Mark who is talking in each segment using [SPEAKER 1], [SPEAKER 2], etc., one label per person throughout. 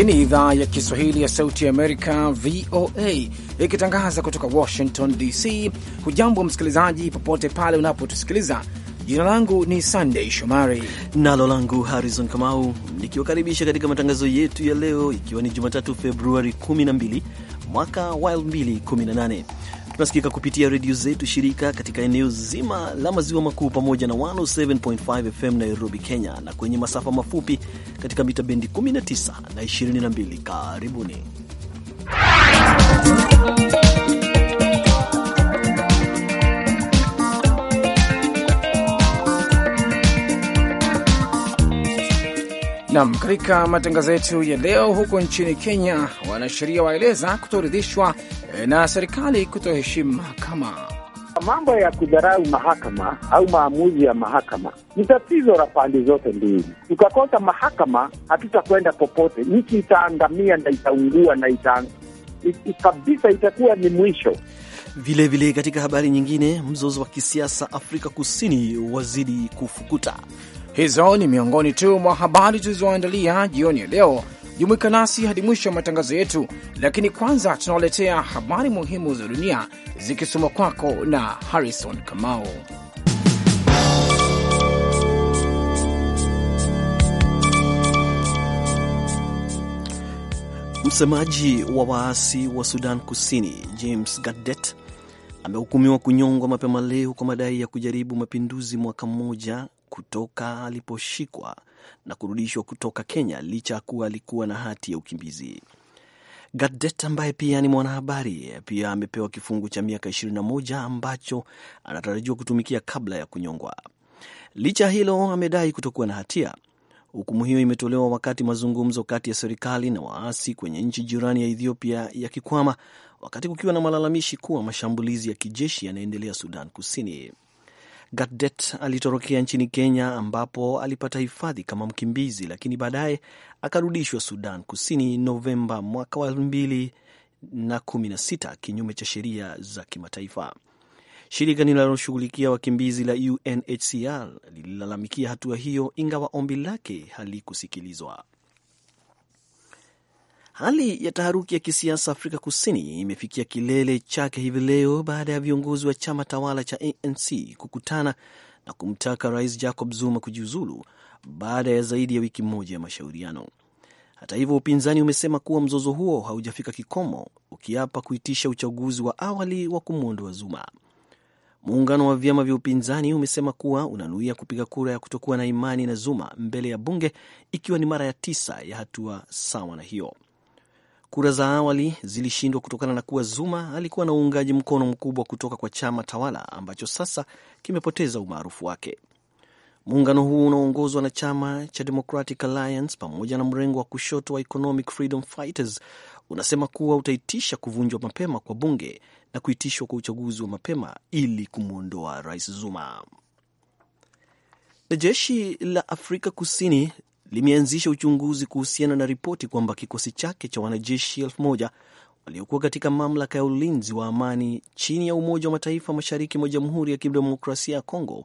[SPEAKER 1] Hii ni idhaa ya Kiswahili ya Sauti Amerika, VOA, ikitangaza kutoka Washington DC. Hujambo
[SPEAKER 2] msikilizaji, popote pale unapotusikiliza. Jina langu ni sandey Shomari nalo langu Harrison Kamau, nikiwakaribisha katika matangazo yetu ya leo, ikiwa ni Jumatatu Februari 12 mwaka wa 2018 Tunasikika kupitia redio zetu shirika katika eneo zima la maziwa makuu pamoja na 107.5 FM Nairobi, Kenya, na kwenye masafa mafupi katika mita bendi 19 na 22. Karibuni
[SPEAKER 1] Nam, katika matangazo yetu ya leo, huko nchini Kenya wanasheria waeleza kutoridhishwa eh, na serikali kutoheshimu mahakama.
[SPEAKER 3] Mambo ya kudharau mahakama au maamuzi ya mahakama ni tatizo la pande zote mbili. Tukakosa mahakama, hatutakwenda popote, nchi itaangamia na itaungua
[SPEAKER 2] na ita kabisa, itakuwa ni mwisho. Vilevile vile, katika habari nyingine, mzozo wa kisiasa Afrika Kusini wazidi kufukuta Hizo ni
[SPEAKER 1] miongoni tu mwa habari tulizoandalia jioni ya leo. Jumuika nasi hadi mwisho wa matangazo yetu, lakini kwanza tunawaletea habari muhimu za dunia zikisoma kwako na
[SPEAKER 2] Harrison Kamau. Msemaji wa waasi wa Sudan Kusini James Gadet amehukumiwa kunyongwa mapema leo kwa madai ya kujaribu mapinduzi mwaka mmoja kutoka aliposhikwa na kurudishwa kutoka Kenya licha ya kuwa alikuwa na hati ya ukimbizi. Gadet ambaye pia ni mwanahabari pia amepewa kifungu cha miaka 21 ambacho anatarajiwa kutumikia kabla ya kunyongwa. Licha ya hilo, amedai kutokuwa na hatia. Hukumu hiyo imetolewa wakati mazungumzo kati ya serikali na waasi kwenye nchi jirani ya Ethiopia yakikwama, wakati kukiwa na malalamishi kuwa mashambulizi ya kijeshi yanaendelea Sudan Kusini. Gadet alitorokea nchini Kenya ambapo alipata hifadhi kama mkimbizi, lakini baadaye akarudishwa Sudan Kusini Novemba mwaka wa elfu mbili na kumi na sita kinyume cha sheria za kimataifa. Shirika linaloshughulikia wakimbizi la UNHCR lililalamikia hatua hiyo, ingawa ombi lake halikusikilizwa. Hali ya taharuki ya kisiasa Afrika Kusini imefikia kilele chake hivi leo baada ya viongozi wa chama tawala cha ANC kukutana na kumtaka Rais Jacob Zuma kujiuzulu baada ya zaidi ya wiki moja ya mashauriano. Hata hivyo, upinzani umesema kuwa mzozo huo haujafika kikomo, ukiapa kuitisha uchaguzi wa awali wa kumwondoa Zuma. Muungano wa vyama vya upinzani umesema kuwa unanuia kupiga kura ya kutokuwa na imani na Zuma mbele ya bunge, ikiwa ni mara ya tisa ya hatua sawa na hiyo. Kura za awali zilishindwa kutokana na kuwa Zuma alikuwa na uungaji mkono mkubwa kutoka kwa chama tawala ambacho sasa kimepoteza umaarufu wake. Muungano huu unaoongozwa na chama cha Democratic Alliance pamoja na mrengo wa kushoto wa Economic Freedom Fighters unasema kuwa utaitisha kuvunjwa mapema kwa bunge na kuitishwa kwa uchaguzi wa mapema ili kumwondoa rais Zuma. Na jeshi la Afrika Kusini limeanzisha uchunguzi kuhusiana na ripoti kwamba kikosi chake cha wanajeshi elfu moja waliokuwa katika mamlaka ya ulinzi wa amani chini ya Umoja wa Mataifa mashariki mwa Jamhuri ya Kidemokrasia ya Kongo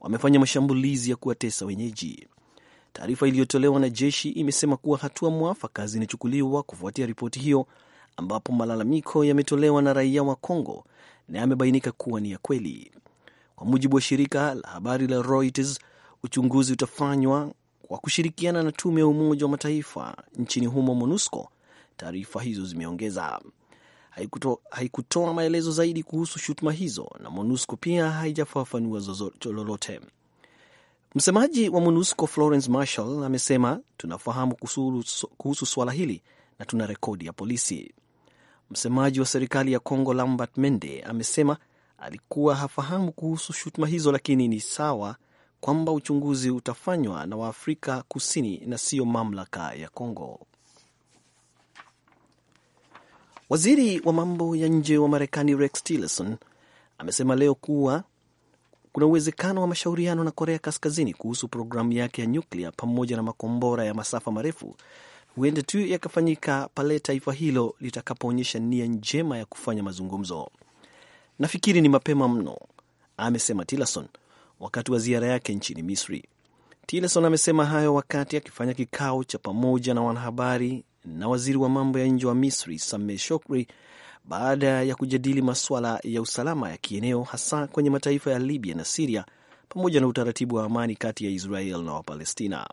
[SPEAKER 2] wamefanya mashambulizi ya kuwatesa wenyeji. Taarifa iliyotolewa na jeshi imesema kuwa hatua mwafaka zinachukuliwa kufuatia ripoti hiyo, ambapo malalamiko yametolewa na raia wa Kongo na yamebainika kuwa ni ya kweli. Kwa mujibu wa shirika la habari la Reuters, uchunguzi utafanywa kwa kushirikiana na tume ya Umoja wa Mataifa nchini humo MONUSCO, taarifa hizo zimeongeza. Haikuto, haikutoa maelezo zaidi kuhusu shutuma hizo na MONUSCO pia haijafafanua lolote. Msemaji wa MONUSCO Florence Marshall amesema tunafahamu kuhusu, kuhusu swala hili na tuna rekodi ya polisi. Msemaji wa serikali ya congo Lambert Mende amesema alikuwa hafahamu kuhusu shutuma hizo, lakini ni sawa kwamba uchunguzi utafanywa na Waafrika Kusini na siyo mamlaka ya Kongo. Waziri wa mambo ya nje wa Marekani Rex Tillerson amesema leo kuwa kuna uwezekano wa mashauriano na Korea Kaskazini kuhusu programu yake ya nyuklia pamoja na makombora ya masafa marefu huenda tu yakafanyika pale taifa hilo litakapoonyesha nia njema ya kufanya mazungumzo. Nafikiri ni mapema mno, amesema Tillerson wakati wa ziara yake nchini Misri. Tillerson amesema hayo wakati akifanya kikao cha pamoja na wanahabari na waziri wa mambo ya nje wa Misri Sameh Shokri baada ya kujadili masuala ya usalama ya kieneo hasa kwenye mataifa ya Libya na Siria pamoja na utaratibu wa amani kati ya Israel na Wapalestina.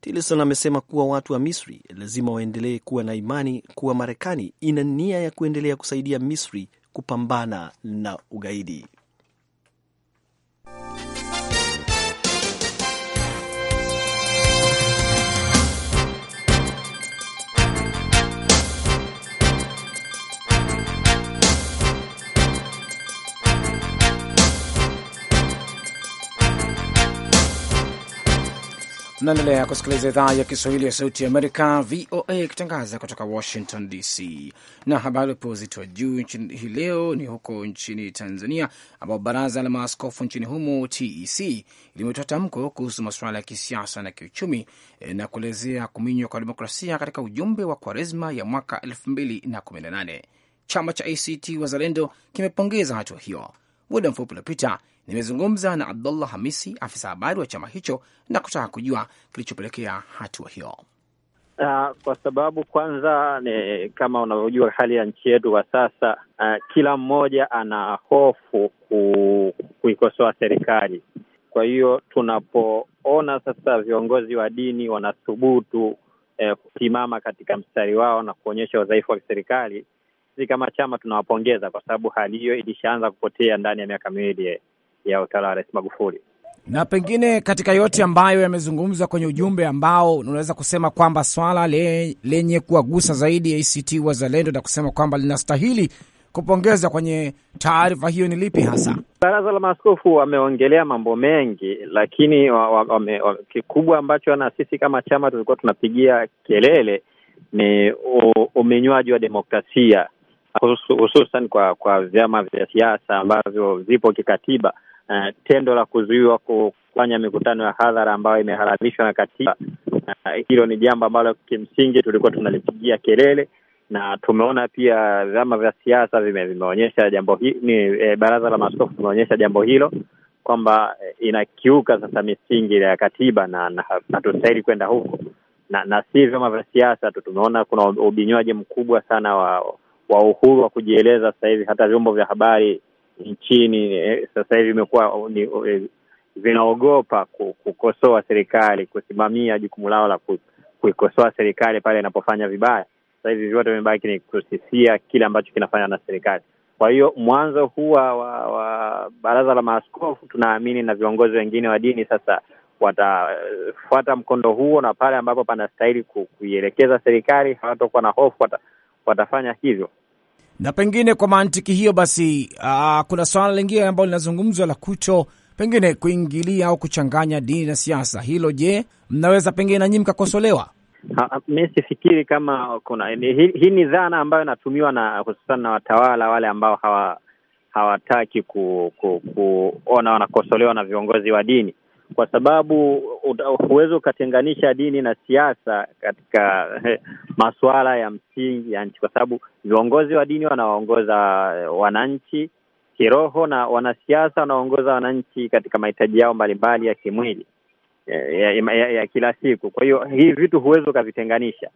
[SPEAKER 2] Tillerson amesema kuwa watu wa Misri lazima waendelee kuwa na imani kuwa Marekani ina nia ya kuendelea kusaidia Misri kupambana na ugaidi.
[SPEAKER 1] Tunaendelea kusikiliza idhaa ya Kiswahili ya Sauti ya Amerika, VOA, ikitangaza kutoka Washington DC. Na habari upewa uzito wa juu hii leo ni huko nchini Tanzania, ambapo baraza la maaskofu nchini humo TEC limetoa tamko kuhusu masuala ya kisiasa na kiuchumi eh, na kuelezea kuminywa kwa demokrasia katika ujumbe wa Kwaresma ya mwaka 2018. Chama cha ACT Wazalendo kimepongeza hatua hiyo. Muda mfupi uliopita Nimezungumza na Abdullah Hamisi, afisa habari wa chama hicho, na kutaka kujua kilichopelekea hatua hiyo.
[SPEAKER 3] Uh, kwa sababu kwanza ni kama unavyojua hali ya nchi yetu kwa sasa uh, kila mmoja ana hofu kuikosoa serikali. Kwa hiyo tunapoona sasa viongozi wa dini wanathubutu eh, kusimama katika mstari wao na kuonyesha udhaifu wa serikali, sisi kama chama tunawapongeza kwa sababu hali hiyo ilishaanza kupotea ndani ya miaka miwili ya utawala wa Rais Magufuli.
[SPEAKER 1] Na pengine katika yote ambayo yamezungumzwa kwenye ujumbe ambao unaweza kusema kwamba swala le, lenye kuwagusa zaidi ACT Wazalendo na kusema kwamba linastahili kupongeza kwenye taarifa hiyo ni lipi hasa?
[SPEAKER 3] Baraza la Maaskofu wameongelea mambo mengi, lakini wame, wame, kikubwa ambacho na sisi kama chama tulikuwa tunapigia kelele ni uminywaji wa demokrasia hususan kwa kwa vyama vya siasa ambavyo vipo kikatiba uh, tendo la kuzuiwa kufanya mikutano ya hadhara ambayo imeharamishwa na katiba uh, hilo ni jambo ambalo kimsingi tulikuwa tunalipigia kelele na tumeona pia vyama vya siasa vime, vimeonyesha jambo hili ni e, baraza la maskofu vimeonyesha jambo hilo kwamba inakiuka sasa misingi ya katiba na hatustahili kwenda huko, na na si vyama vya siasa tu. Tumeona kuna ubinywaji mkubwa sana wa, wa uhuru wa kujieleza sasa hivi, hata vyombo vya habari nchini eh, sasa hivi imekuwa oh, oh, eh, vinaogopa kukosoa serikali, kusimamia jukumu lao la kuikosoa serikali pale inapofanya vibaya. Sasa hivi vyote vimebaki ni kusisia kile ambacho kinafanywa na serikali. Kwa hiyo mwanzo huwa wa, wa baraza la maaskofu tunaamini na viongozi wengine wa dini sasa watafuata mkondo huo, na pale ambapo panastahili kuielekeza serikali hawatokuwa na hofu, watafanya hivyo.
[SPEAKER 1] Na pengine kwa mantiki hiyo basi, aa, ah, kuna swala lingine ambalo linazungumzwa la kuto pengine kuingilia au kuchanganya dini na siasa. Hilo je, mnaweza pengine na nyii mkakosolewa?
[SPEAKER 3] Mi sifikiri kama kuna hii hi, ni dhana ambayo inatumiwa na hususan na watawala wale ambao hawa hawataki kuona ku, ku, wanakosolewa na viongozi wa dini kwa sababu huwezi ukatenganisha dini na siasa katika eh, masuala ya msingi ya nchi, kwa sababu viongozi wa dini wanawaongoza eh, wananchi kiroho na wanasiasa wanaongoza wananchi katika mahitaji yao mbalimbali ya kimwili eh, ya, ya, ya, ya kila siku. Kwa hiyo hivi vitu huwezi ukavitenganisha.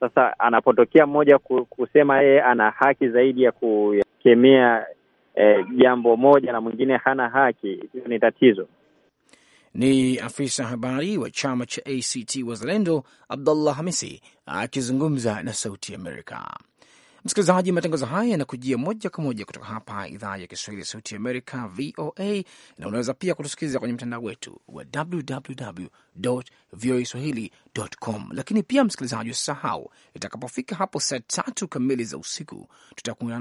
[SPEAKER 3] Sasa anapotokea mmoja kusema yeye ana haki zaidi ya kukemea eh, jambo moja na mwingine hana haki, hiyo ni tatizo.
[SPEAKER 1] Ni afisa habari wa chama cha ACT Wazalendo, Abdullah Hamisi akizungumza na Sauti Amerika. Msikilizaji, matangazo haya yanakujia moja kwa moja kutoka hapa idhaa ya Kiswahili ya Sauti Amerika, VOA, na unaweza pia kutusikiliza kwenye mtandao wetu wa www voa swahili.com. Lakini pia msikilizaji, usisahau itakapofika hapo saa tatu kamili za usiku,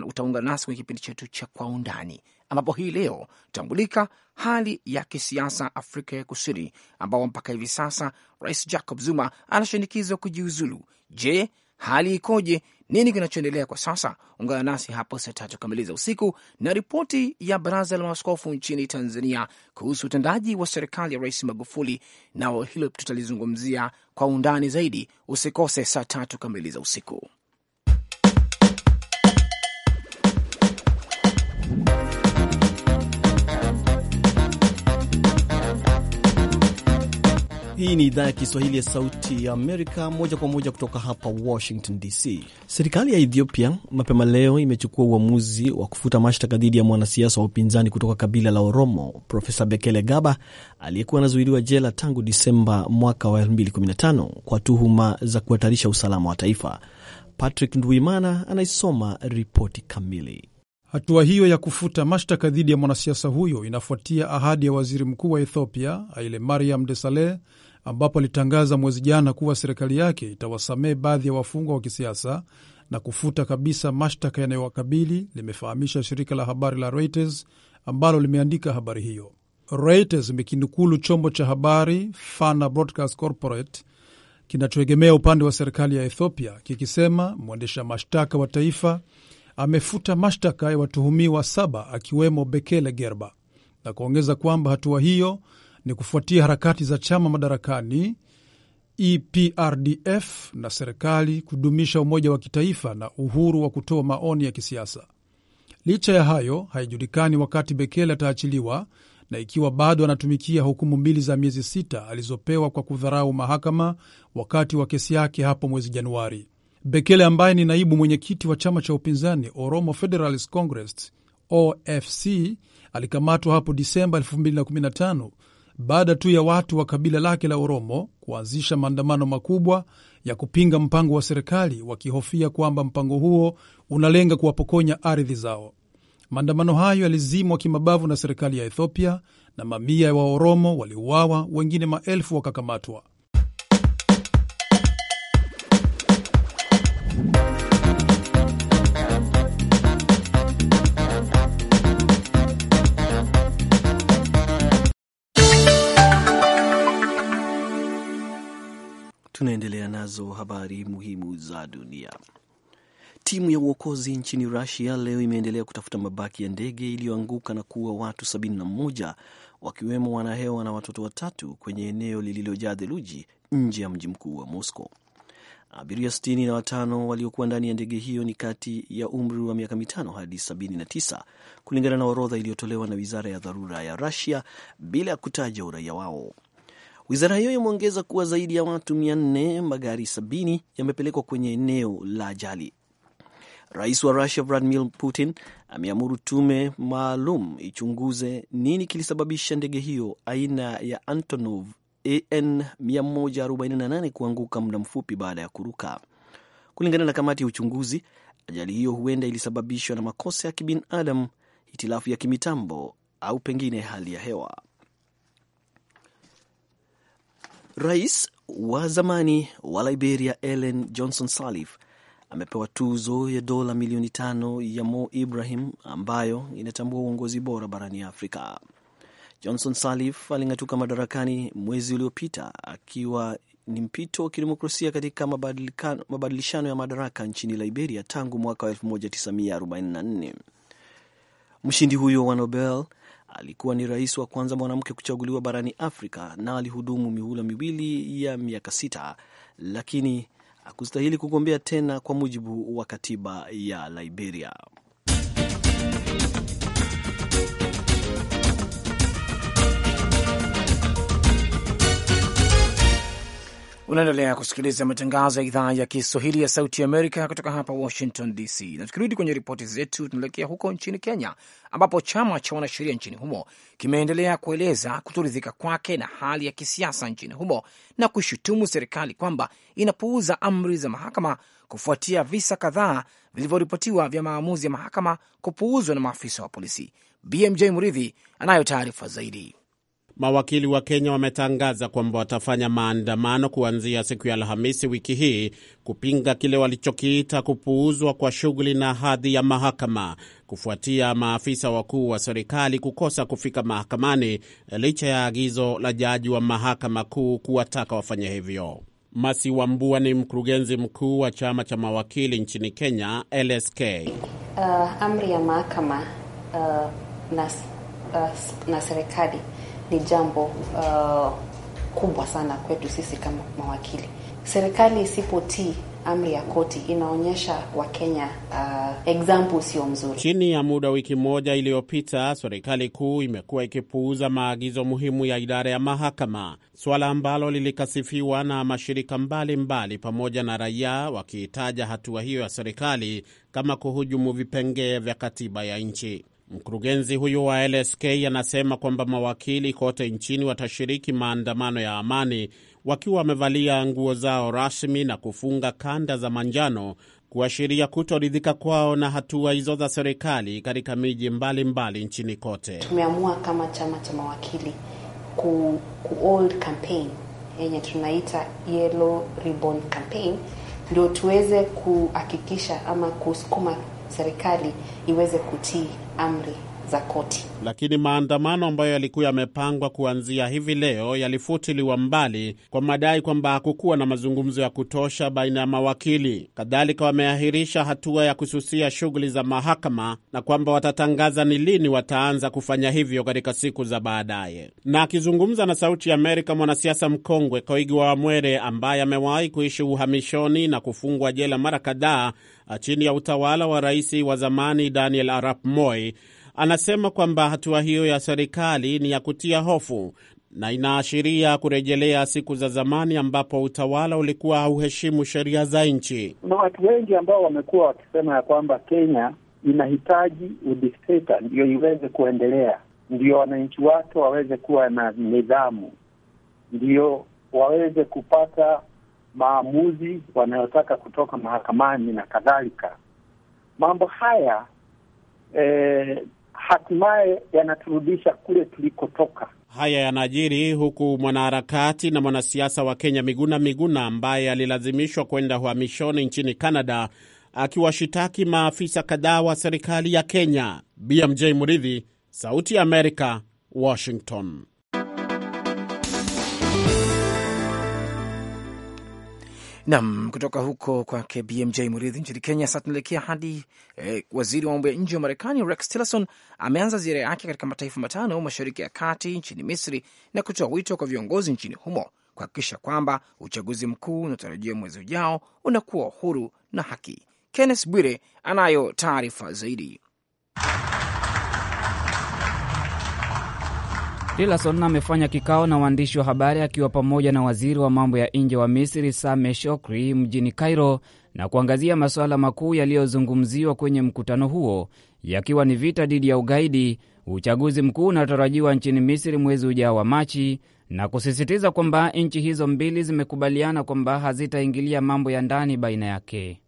[SPEAKER 1] utaungana nasi kwenye kipindi chetu cha Kwa Undani ambapo hii leo tambulika hali ya kisiasa Afrika ya Kusini, ambapo mpaka hivi sasa Rais Jacob Zuma anashinikizwa kujiuzulu. Je, hali ikoje? Nini kinachoendelea kwa sasa? Ungana nasi hapo saa tatu kamili za usiku na ripoti ya baraza la maaskofu nchini Tanzania kuhusu utendaji wa serikali ya Rais Magufuli, nao hilo tutalizungumzia kwa undani zaidi. Usikose saa tatu kamili za usiku.
[SPEAKER 2] Hii ni idhaa ya Kiswahili ya Sauti ya Amerika, moja kwa moja kutoka hapa Washington DC. Serikali ya Ethiopia mapema leo imechukua uamuzi wa kufuta mashtaka dhidi ya mwanasiasa wa upinzani kutoka kabila la Oromo, Profesa Bekele Gaba, aliyekuwa anazuiliwa jela tangu Disemba mwaka wa 2015 kwa tuhuma za kuhatarisha usalama wa taifa. Patrick Ndwimana
[SPEAKER 4] anaisoma ripoti kamili. Hatua hiyo ya kufuta mashtaka dhidi ya mwanasiasa huyo inafuatia ahadi ya waziri mkuu wa Ethiopia Haile Mariam Desalegn ambapo alitangaza mwezi jana kuwa serikali yake itawasamehe baadhi ya wafungwa wa kisiasa na kufuta kabisa mashtaka yanayowakabili, limefahamisha shirika la habari la Reuters ambalo limeandika habari hiyo. Reuters imekinukulu chombo cha habari Fana Broadcast Corporate kinachoegemea upande wa serikali ya Ethiopia kikisema mwendesha mashtaka wa taifa amefuta mashtaka ya watuhumiwa saba akiwemo Bekele Gerba na kuongeza kwamba hatua hiyo ni kufuatia harakati za chama madarakani EPRDF na serikali kudumisha umoja wa kitaifa na uhuru wa kutoa maoni ya kisiasa. Licha ya hayo, haijulikani wakati Bekele ataachiliwa na ikiwa bado anatumikia hukumu mbili za miezi sita alizopewa kwa kudharau mahakama wakati wa kesi yake hapo mwezi Januari. Bekele ambaye ni naibu mwenyekiti wa chama cha upinzani Oromo Federalist Congress OFC alikamatwa hapo Disemba 2015 baada tu ya watu wa kabila lake la Oromo kuanzisha maandamano makubwa ya kupinga mpango wa serikali, wakihofia kwamba mpango huo unalenga kuwapokonya ardhi zao. Maandamano hayo yalizimwa kimabavu na serikali ya Ethiopia na mamia ya wa Waoromo waliuawa, wengine maelfu wakakamatwa.
[SPEAKER 2] Tunaendelea nazo habari muhimu za dunia. Timu ya uokozi nchini Rusia leo imeendelea kutafuta mabaki ya ndege iliyoanguka na kuua watu 71 wakiwemo wanahewa na watoto watatu kwenye eneo lililojaa theluji nje ya mji mkuu wa Moscow. Abiria 65 na watano waliokuwa ndani ya ndege hiyo ni kati ya umri wa miaka mitano hadi 79 kulingana na orodha iliyotolewa na wizara ya dharura ya Rusia bila ya kutaja uraia wao. Wizara hiyo imeongeza kuwa zaidi ya watu 4 magari 70 yamepelekwa kwenye eneo la ajali. Rais wa Rusia Vladimir Putin ameamuru tume maalum ichunguze nini kilisababisha ndege hiyo aina ya Antonov AN 148 kuanguka muda mfupi baada ya kuruka. Kulingana na kamati ya uchunguzi, ajali hiyo huenda ilisababishwa na makosa ya kibinadamu, hitilafu ya kimitambo au pengine hali ya hewa. Rais wa zamani wa Liberia Ellen Johnson Sirleaf amepewa tuzo ya dola milioni tano ya Mo Ibrahim ambayo inatambua uongozi bora barani Afrika. Johnson Sirleaf aling'atuka madarakani mwezi uliopita akiwa ni mpito wa kidemokrasia katika mabadilishano ya madaraka nchini Liberia tangu mwaka 1944. Mshindi huyo wa Nobel alikuwa ni rais wa kwanza mwanamke kuchaguliwa barani Afrika na alihudumu mihula miwili ya miaka sita, lakini hakustahili kugombea tena kwa mujibu wa katiba ya Liberia.
[SPEAKER 1] Unaendelea kusikiliza matangazo ya idhaa ya Kiswahili ya Sauti Amerika kutoka hapa Washington DC, na tukirudi kwenye ripoti zetu, tunaelekea huko nchini Kenya ambapo chama cha wanasheria nchini humo kimeendelea kueleza kutoridhika kwake na hali ya kisiasa nchini humo na kushutumu serikali kwamba inapuuza amri za mahakama kufuatia visa kadhaa vilivyoripotiwa vya maamuzi ya mahakama kupuuzwa na maafisa wa polisi. BMJ Muridhi anayo taarifa zaidi.
[SPEAKER 5] Mawakili wa Kenya wametangaza kwamba watafanya maandamano kuanzia siku ya Alhamisi wiki hii kupinga kile walichokiita kupuuzwa kwa shughuli na hadhi ya mahakama kufuatia maafisa wakuu wa serikali kukosa kufika mahakamani licha ya agizo la jaji wa mahakama kuu kuwataka wafanye hivyo. Masi Wambua ni mkurugenzi mkuu wa chama cha mawakili nchini Kenya, LSK.
[SPEAKER 2] Uh, amri ya mahakama uh, na,
[SPEAKER 6] uh, na serikali ni jambo uh, kubwa sana kwetu sisi kama mawakili. Serikali isipotii amri ya koti inaonyesha Wakenya uh, example sio mzuri.
[SPEAKER 5] Chini ya muda wiki moja iliyopita, serikali kuu imekuwa ikipuuza maagizo muhimu ya idara ya mahakama, suala ambalo lilikasifiwa na mashirika mbalimbali mbali, pamoja na raia wakiitaja hatua hiyo ya serikali kama kuhujumu vipengee vya katiba ya nchi. Mkurugenzi huyu wa LSK anasema kwamba mawakili kote nchini watashiriki maandamano ya amani wakiwa wamevalia nguo zao rasmi na kufunga kanda za manjano kuashiria kutoridhika kwao na hatua hizo za serikali katika miji mbalimbali nchini kote.
[SPEAKER 6] Tumeamua kama chama cha mawakili ku, ku old campaign yenye tunaita Yellow Ribbon campaign ndio tuweze kuhakikisha ama kusukuma serikali iweze kutii amri za koti.
[SPEAKER 5] Lakini maandamano ambayo yalikuwa yamepangwa kuanzia hivi leo yalifutiliwa mbali kwa madai kwamba hakukuwa na mazungumzo ya kutosha baina ya mawakili. Kadhalika, wameahirisha hatua ya kususia shughuli za mahakama na kwamba watatangaza ni lini wataanza kufanya hivyo katika siku za baadaye. Na akizungumza na Sauti ya Amerika, mwanasiasa mkongwe wa Wamwere ambaye amewahi kuishi uhamishoni na kufungwa jela mara kadhaa chini ya utawala wa rais wa zamani Daniel Arap Moi Anasema kwamba hatua hiyo ya serikali ni ya kutia hofu na inaashiria kurejelea siku za zamani ambapo utawala ulikuwa hauheshimu sheria za nchi.
[SPEAKER 4] Kuna watu wengi ambao wamekuwa wakisema
[SPEAKER 3] ya kwamba Kenya inahitaji udikteta ndio iweze kuendelea, ndio wananchi wake waweze kuwa na nidhamu, ndio waweze kupata maamuzi wanayotaka kutoka mahakamani na kadhalika. Mambo haya eh, hatimaye yanaturudisha kule
[SPEAKER 5] tulikotoka. Haya yanajiri huku mwanaharakati na mwanasiasa wa Kenya Miguna Miguna ambaye alilazimishwa kwenda uhamishoni nchini Canada akiwashitaki maafisa kadhaa wa serikali ya Kenya. BMJ Muridhi, Sauti ya Amerika, Washington.
[SPEAKER 1] Nam kutoka huko kwake BMJ murithi nchini Kenya. Sasa tunaelekea hadi eh, waziri wa mambo ya nje wa Marekani Rex Tillerson ameanza ziara yake katika mataifa matano mashariki ya kati nchini Misri na kutoa wito kwa viongozi nchini humo kuhakikisha kwamba uchaguzi mkuu unaotarajiwa mwezi ujao unakuwa huru na haki. Kenneth Bwire anayo taarifa zaidi.
[SPEAKER 7] Tillerson amefanya kikao na waandishi wa habari akiwa pamoja na waziri wa mambo ya nje wa Misri same Shokri mjini Cairo na kuangazia masuala makuu yaliyozungumziwa kwenye mkutano huo yakiwa ni vita dhidi ya ugaidi, uchaguzi mkuu unaotarajiwa nchini Misri mwezi ujao wa Machi, na kusisitiza kwamba nchi hizo mbili zimekubaliana kwamba hazitaingilia mambo ya ndani baina yake.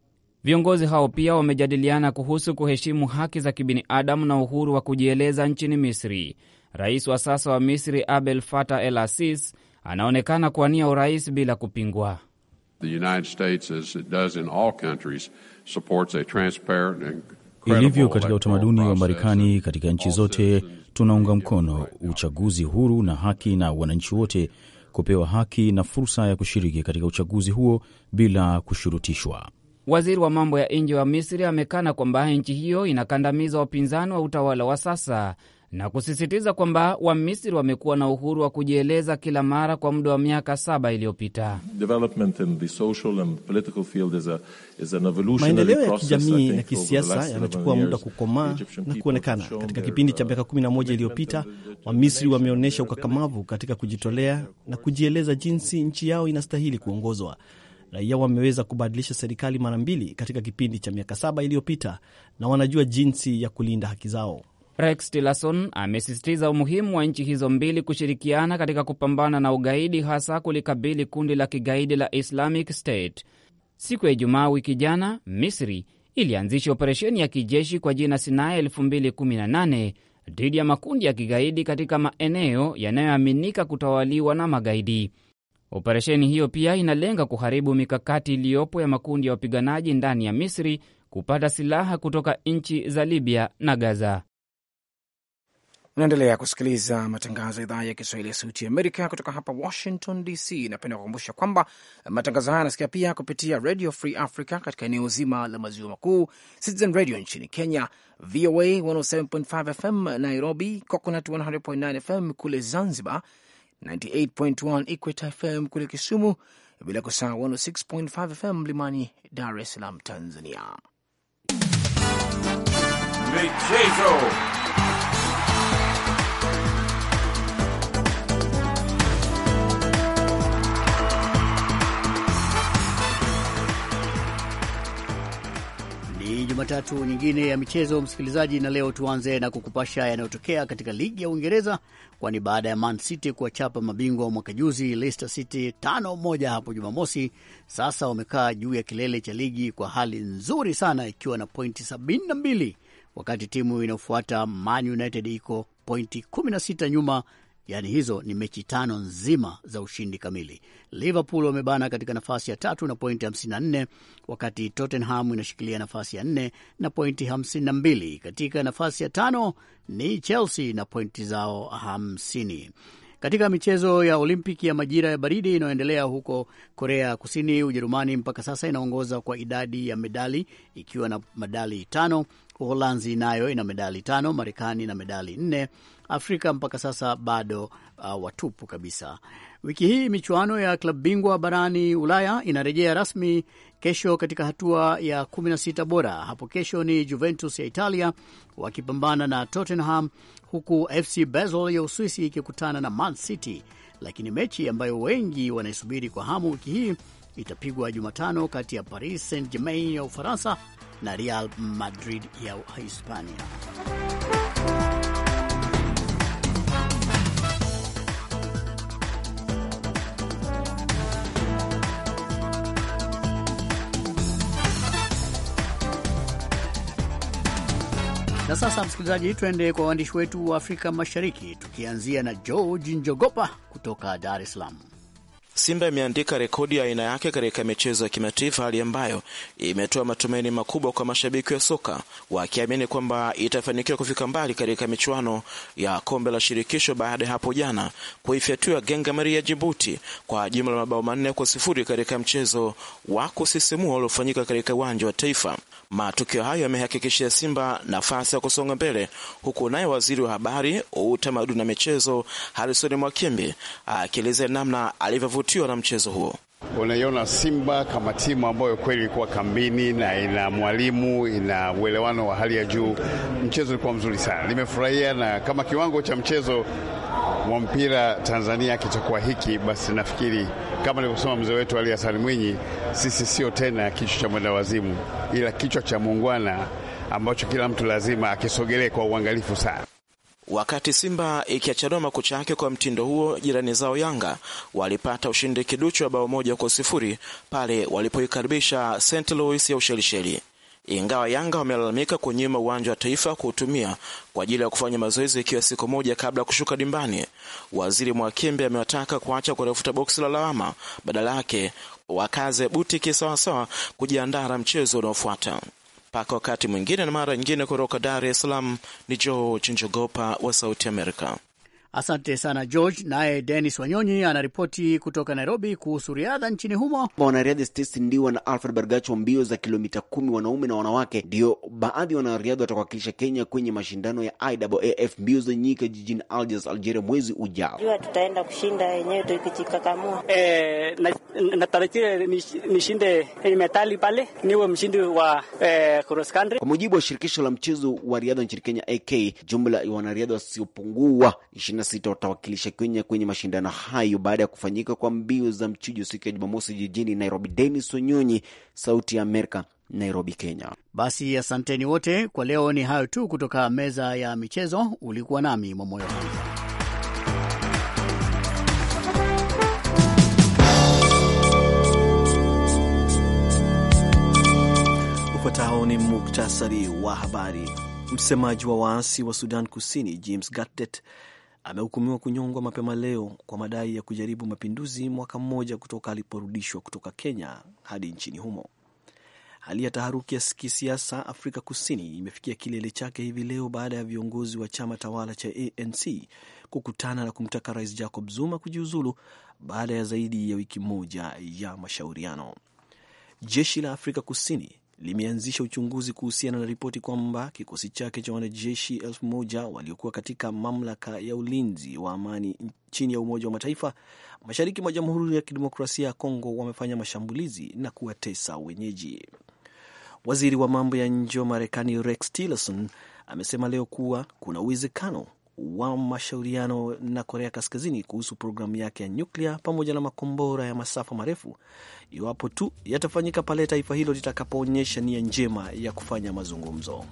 [SPEAKER 7] Viongozi hao pia wamejadiliana kuhusu kuheshimu haki za kibinadamu na uhuru wa kujieleza nchini Misri. Rais wa sasa wa Misri Abdel Fattah El Asis anaonekana kuwania urais bila kupingwa.
[SPEAKER 8] Ilivyo katika utamaduni
[SPEAKER 1] wa Marekani, katika nchi zote tunaunga mkono uchaguzi huru na haki, na wananchi wote kupewa haki na fursa ya kushiriki katika uchaguzi huo bila kushurutishwa.
[SPEAKER 7] Waziri wa mambo ya nje wa Misri amekana kwamba nchi hiyo inakandamiza wapinzani wa utawala wa sasa na kusisitiza kwamba Wamisri wamekuwa na uhuru wa kujieleza kila mara kwa muda wa miaka saba iliyopita.
[SPEAKER 5] Maendeleo ya kijamii na kisiasa yanachukua muda kukomaa
[SPEAKER 2] na kuonekana. Katika kipindi cha uh, miaka 11 iliyopita, Wamisri wameonyesha ukakamavu katika kujitolea na kujieleza jinsi nchi yao inastahili kuongozwa. Raia wameweza kubadilisha serikali mara mbili katika kipindi cha miaka saba iliyopita na wanajua jinsi ya kulinda haki zao.
[SPEAKER 7] Rex Tillerson amesisitiza umuhimu wa nchi hizo mbili kushirikiana katika kupambana na ugaidi, hasa kulikabili kundi la kigaidi la Islamic State. Siku ya Ijumaa wiki jana, Misri ilianzisha operesheni ya kijeshi kwa jina Sinai 2018 dhidi ya makundi ya kigaidi katika maeneo yanayoaminika kutawaliwa na magaidi. Operesheni hiyo pia inalenga kuharibu mikakati iliyopo ya makundi ya wapiganaji ndani ya Misri kupata silaha kutoka nchi za Libya na Gaza.
[SPEAKER 1] Unaendelea kusikiliza matangazo ya idhaa ya Kiswahili ya Sauti ya Amerika kutoka hapa Washington DC. Napenda kukumbusha kwamba matangazo haya yanasikia pia kupitia Radio Free Africa katika eneo zima la maziwa makuu, Citizen Radio nchini Kenya, VOA 107.5 FM Nairobi, Coconut 100.9 FM kule Zanzibar, 98.1 Equita FM kule Kisumu, bila kusahau 106.5 FM Mlimani, Dar es Salaam, Tanzania.
[SPEAKER 7] Michezo
[SPEAKER 8] Ni Jumatatu nyingine ya michezo, msikilizaji, na leo tuanze na kukupasha yanayotokea katika ligi ya Uingereza, kwani baada ya Man City kuwachapa mabingwa wa mwaka juzi Leicester City tano moja hapo Jumamosi, sasa wamekaa juu ya kilele cha ligi kwa hali nzuri sana, ikiwa na pointi 72 wakati timu inayofuata Man United iko pointi 16 nyuma yaani hizo ni mechi tano nzima za ushindi kamili. Liverpool wamebana katika nafasi ya tatu na pointi 54 wakati Tottenham inashikilia nafasi ya nne na pointi 52. Katika nafasi ya tano ni Chelsea na pointi zao 50. Katika michezo ya Olimpiki ya majira ya baridi inayoendelea huko Korea Kusini, Ujerumani mpaka sasa inaongoza kwa idadi ya medali ikiwa na medali tano Uholanzi nayo ina medali tano, Marekani na medali nne. Afrika mpaka sasa bado uh, watupu kabisa. Wiki hii michuano ya klabu bingwa barani Ulaya inarejea rasmi kesho katika hatua ya 16 bora. Hapo kesho ni Juventus ya Italia wakipambana na Tottenham, huku FC Basel ya Uswisi ikikutana na Man City. Lakini mechi ambayo wengi wanaisubiri kwa hamu wiki hii itapigwa Jumatano kati ya Paris Saint Germain ya Ufaransa na Real Madrid ya Hispania. Na sasa msikilizaji, twende kwa waandishi wetu wa Afrika Mashariki, tukianzia na George Njogopa kutoka Dar es Salaam.
[SPEAKER 9] Simba imeandika rekodi ya aina yake katika michezo ya kimataifa, hali ambayo imetoa matumaini makubwa kwa mashabiki wa soka wakiamini kwamba itafanikiwa kufika mbali katika michuano ya kombe la shirikisho baada ya hapo jana kuifyatua Genga ya Jibuti kwa jumla ya mabao manne kwa sifuri katika mchezo wa kusisimua uliofanyika katika uwanja wa Taifa. Matukio hayo yamehakikishia Simba nafasi ya kusonga mbele, huku naye waziri wa habari, utamaduni na michezo Harisoni Mwakembe akielezea namna alivyovuta kuvutiwa na mchezo huo. Unaiona Simba kama timu ambayo kweli ilikuwa kambini na ina mwalimu, ina
[SPEAKER 5] uelewano wa hali ya juu. Mchezo ulikuwa mzuri sana, nimefurahia, na kama kiwango cha mchezo wa mpira Tanzania kitakuwa hiki, basi nafikiri kama alivyosema mzee wetu Ali Hassan Mwinyi, sisi sio tena kichwa cha wazimu, ila kichwa cha muungwana
[SPEAKER 9] ambacho kila mtu lazima akisogelee kwa uangalifu sana. Wakati Simba ikiachanua makucha yake kwa mtindo huo, jirani zao Yanga walipata ushindi kiduchu wa bao moja kwa sifuri pale walipoikaribisha St Louis ya Ushelisheli. Ingawa Yanga wamelalamika kunyima uwanja wa taifa kuutumia kwa ajili ya kufanya mazoezi ikiwa siku moja kabla ya kushuka dimbani, waziri Mwakembe amewataka kuacha kutafuta boksi la lawama, badala yake wakaze buti kisawasawa kujiandaa na mchezo unaofuata. Mpaka wakati mwingine na mara nyingine, kutoka Dar es Salaam ni George chinjogopa wa Sauti Amerika.
[SPEAKER 8] Asante sana George. Naye Denis Wanyonyi anaripoti kutoka Nairobi kuhusu riadha nchini humo.
[SPEAKER 2] Wanariadha Stacy Ndiwa na Alfred Bargach mbio za kilomita kumi wanaume na wanawake ndio baadhi ya wanariadha watawakilisha Kenya kwenye mashindano ya IAAF mbio za nyika jijini Algiers, Algeria mwezi ujao.
[SPEAKER 3] Jua tutaenda kushinda yenyewe tukijikakamua. E, eh, natarajia na nishinde metali pale niwe mshindi wa e, cross country.
[SPEAKER 2] Kwa mujibu wa shirikisho la mchezo wa riadha nchini Kenya AK, jumla ya wanariadha wasiopungua sita watawakilisha Kenya kwenye mashindano hayo baada ya kufanyika kwa mbio za mchujo siku ya Jumamosi jijini Nairobi. Denis Onyonyi, Sauti ya Amerika, Nairobi, Kenya.
[SPEAKER 8] Basi asanteni wote kwa leo, ni hayo tu kutoka meza ya michezo. Ulikuwa nami Mwamoyo.
[SPEAKER 2] Ufuatao ni muktasari wa habari. Msemaji wa waasi wa Sudan Kusini James Gatdet amehukumiwa kunyongwa mapema leo kwa madai ya kujaribu mapinduzi mwaka mmoja kutoka aliporudishwa kutoka Kenya hadi nchini humo. Hali ya taharuki ya kisiasa Afrika Kusini imefikia kilele chake hivi leo baada ya viongozi wa chama tawala cha ANC kukutana na kumtaka Rais Jacob Zuma kujiuzulu baada ya zaidi ya wiki moja ya mashauriano. Jeshi la Afrika Kusini limeanzisha uchunguzi kuhusiana na ripoti kwamba kikosi chake cha wanajeshi elfu moja waliokuwa katika mamlaka ya ulinzi wa amani chini ya Umoja wa Mataifa mashariki mwa Jamhuri ya Kidemokrasia ya Kongo wamefanya mashambulizi na kuwatesa wenyeji. Waziri wa mambo ya nje wa Marekani Rex Tillerson amesema leo kuwa kuna uwezekano wa mashauriano na Korea Kaskazini kuhusu programu yake ya nyuklia pamoja na makombora ya masafa marefu, iwapo tu yatafanyika pale taifa hilo litakapoonyesha nia njema ya kufanya mazungumzo.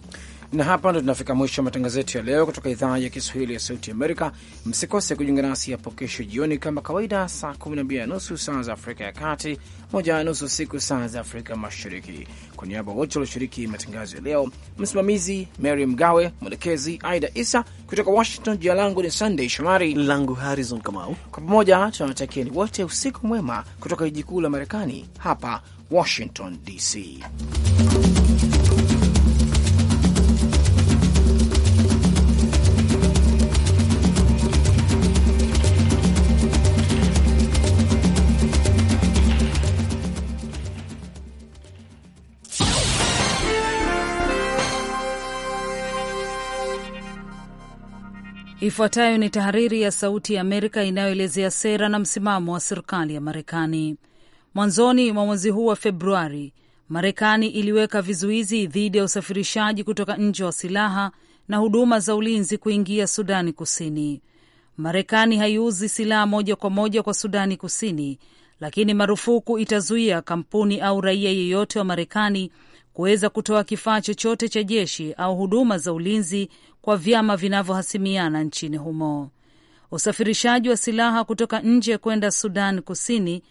[SPEAKER 2] Na hapa ndo tunafika mwisho wa matangazo yetu ya leo kutoka idhaa ya Kiswahili ya Sauti Amerika.
[SPEAKER 1] Msikose kujiunga nasi hapo kesho jioni kama kawaida, saa 12 na nusu saa za Afrika ya Kati, moja na nusu siku saa za Afrika Mashariki. Kwa niaba wote walioshiriki matangazo ya leo, msimamizi Mary Mgawe, mwelekezi Aida Isa, kutoka Washington, jina langu ni Sunday Shomari, langu Harrison Kamau. Kwa pamoja tunawatakieni wote usiku mwema kutoka jiji kuu la Marekani, hapa Washington DC.
[SPEAKER 6] Ifuatayo ni tahariri ya Sauti ya Amerika inayoelezea sera na msimamo wa serikali ya Marekani. Mwanzoni mwa mwezi huu wa Februari, Marekani iliweka vizuizi dhidi ya usafirishaji kutoka nje wa silaha na huduma za ulinzi kuingia Sudani Kusini. Marekani haiuzi silaha moja kwa moja kwa Sudani Kusini, lakini marufuku itazuia kampuni au raia yeyote wa Marekani kuweza kutoa kifaa chochote cha jeshi au huduma za ulinzi kwa vyama vinavyohasimiana nchini humo. Usafirishaji wa silaha kutoka nje kwenda Sudan Kusini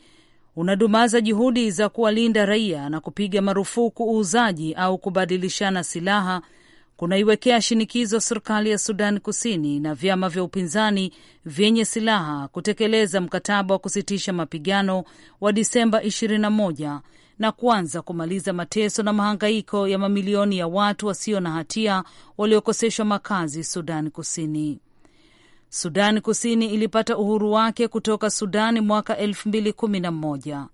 [SPEAKER 6] unadumaza juhudi za kuwalinda raia na kupiga marufuku uuzaji au kubadilishana silaha kunaiwekea shinikizo serikali ya Sudan Kusini na vyama vya upinzani vyenye silaha kutekeleza mkataba wa kusitisha mapigano wa Disemba na kuanza kumaliza mateso na mahangaiko ya mamilioni ya watu wasio na hatia waliokoseshwa makazi Sudan Kusini. Sudan Kusini ilipata uhuru wake kutoka Sudani mwaka elfu kumi na moja.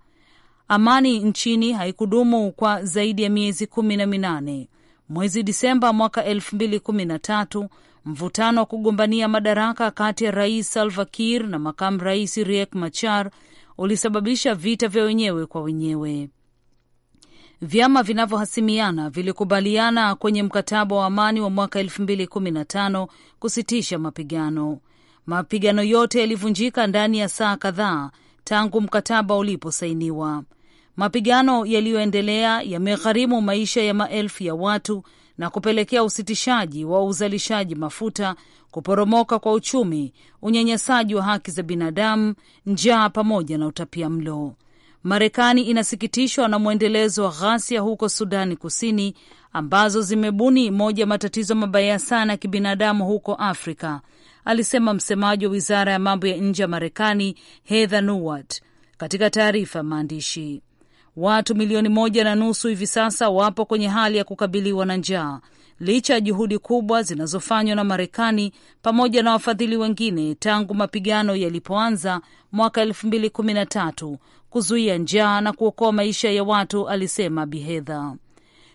[SPEAKER 6] Amani nchini haikudumu kwa zaidi ya miezi kumi na minane. Mwezi Disemba mwaka elfu mbili kumi na tatu, mvutano wa kugombania madaraka kati ya Rais Salva Kiir na makamu rais Riek Machar ulisababisha vita vya wenyewe kwa wenyewe. Vyama vinavyohasimiana vilikubaliana kwenye mkataba wa amani wa mwaka 2015 kusitisha mapigano. Mapigano yote yalivunjika ndani ya saa kadhaa tangu mkataba uliposainiwa. Mapigano yaliyoendelea yamegharimu maisha ya maelfu ya watu na kupelekea usitishaji wa uzalishaji mafuta, kuporomoka kwa uchumi, unyanyasaji wa haki za binadamu, njaa pamoja na utapia mlo. Marekani inasikitishwa na mwendelezo wa ghasia huko Sudani Kusini ambazo zimebuni moja matatizo mabaya sana ya kibinadamu huko Afrika, alisema msemaji wa wizara ya mambo ya nje ya Marekani Heather Nauert katika taarifa ya maandishi. Watu milioni moja na nusu hivi sasa wapo kwenye hali ya kukabiliwa na njaa licha ya juhudi kubwa zinazofanywa na Marekani pamoja na wafadhili wengine tangu mapigano yalipoanza mwaka tatu kuzuia njaa na kuokoa maisha ya watu, alisema Bihedha.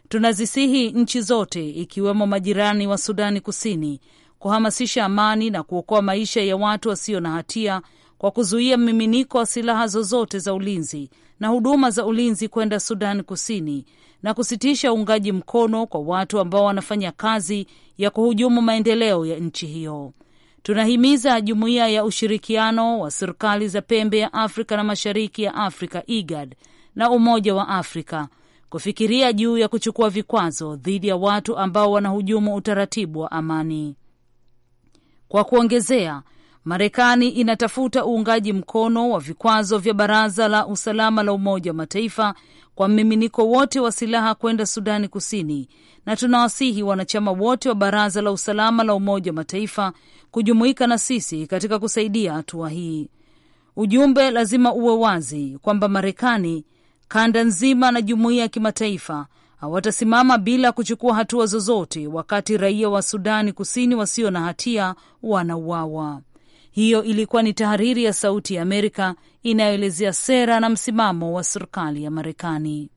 [SPEAKER 6] Tunazisihi nchi zote ikiwemo majirani wa Sudani Kusini kuhamasisha amani na kuokoa maisha ya watu wasio na hatia kwa kuzuia mmiminiko wa silaha zozote za ulinzi na huduma za ulinzi kwenda Sudani Kusini na kusitisha uungaji mkono kwa watu ambao wanafanya kazi ya kuhujumu maendeleo ya nchi hiyo. Tunahimiza jumuiya ya ushirikiano wa serikali za pembe ya Afrika na mashariki ya Afrika, IGAD, na Umoja wa Afrika kufikiria juu ya kuchukua vikwazo dhidi ya watu ambao wanahujumu utaratibu wa amani. Kwa kuongezea, Marekani inatafuta uungaji mkono wa vikwazo vya Baraza la Usalama la Umoja wa Mataifa kwa mmiminiko wote wa silaha kwenda Sudani Kusini, na tunawasihi wanachama wote wa Baraza la Usalama la Umoja wa Mataifa kujumuika na sisi katika kusaidia hatua hii. Ujumbe lazima uwe wazi kwamba Marekani, kanda nzima na jumuiya ya kimataifa hawatasimama bila kuchukua hatua zozote wakati raia wa Sudani Kusini wasio na hatia wanauawa. Hiyo ilikuwa ni tahariri ya Sauti ya Amerika inayoelezea sera na msimamo wa serikali ya Marekani.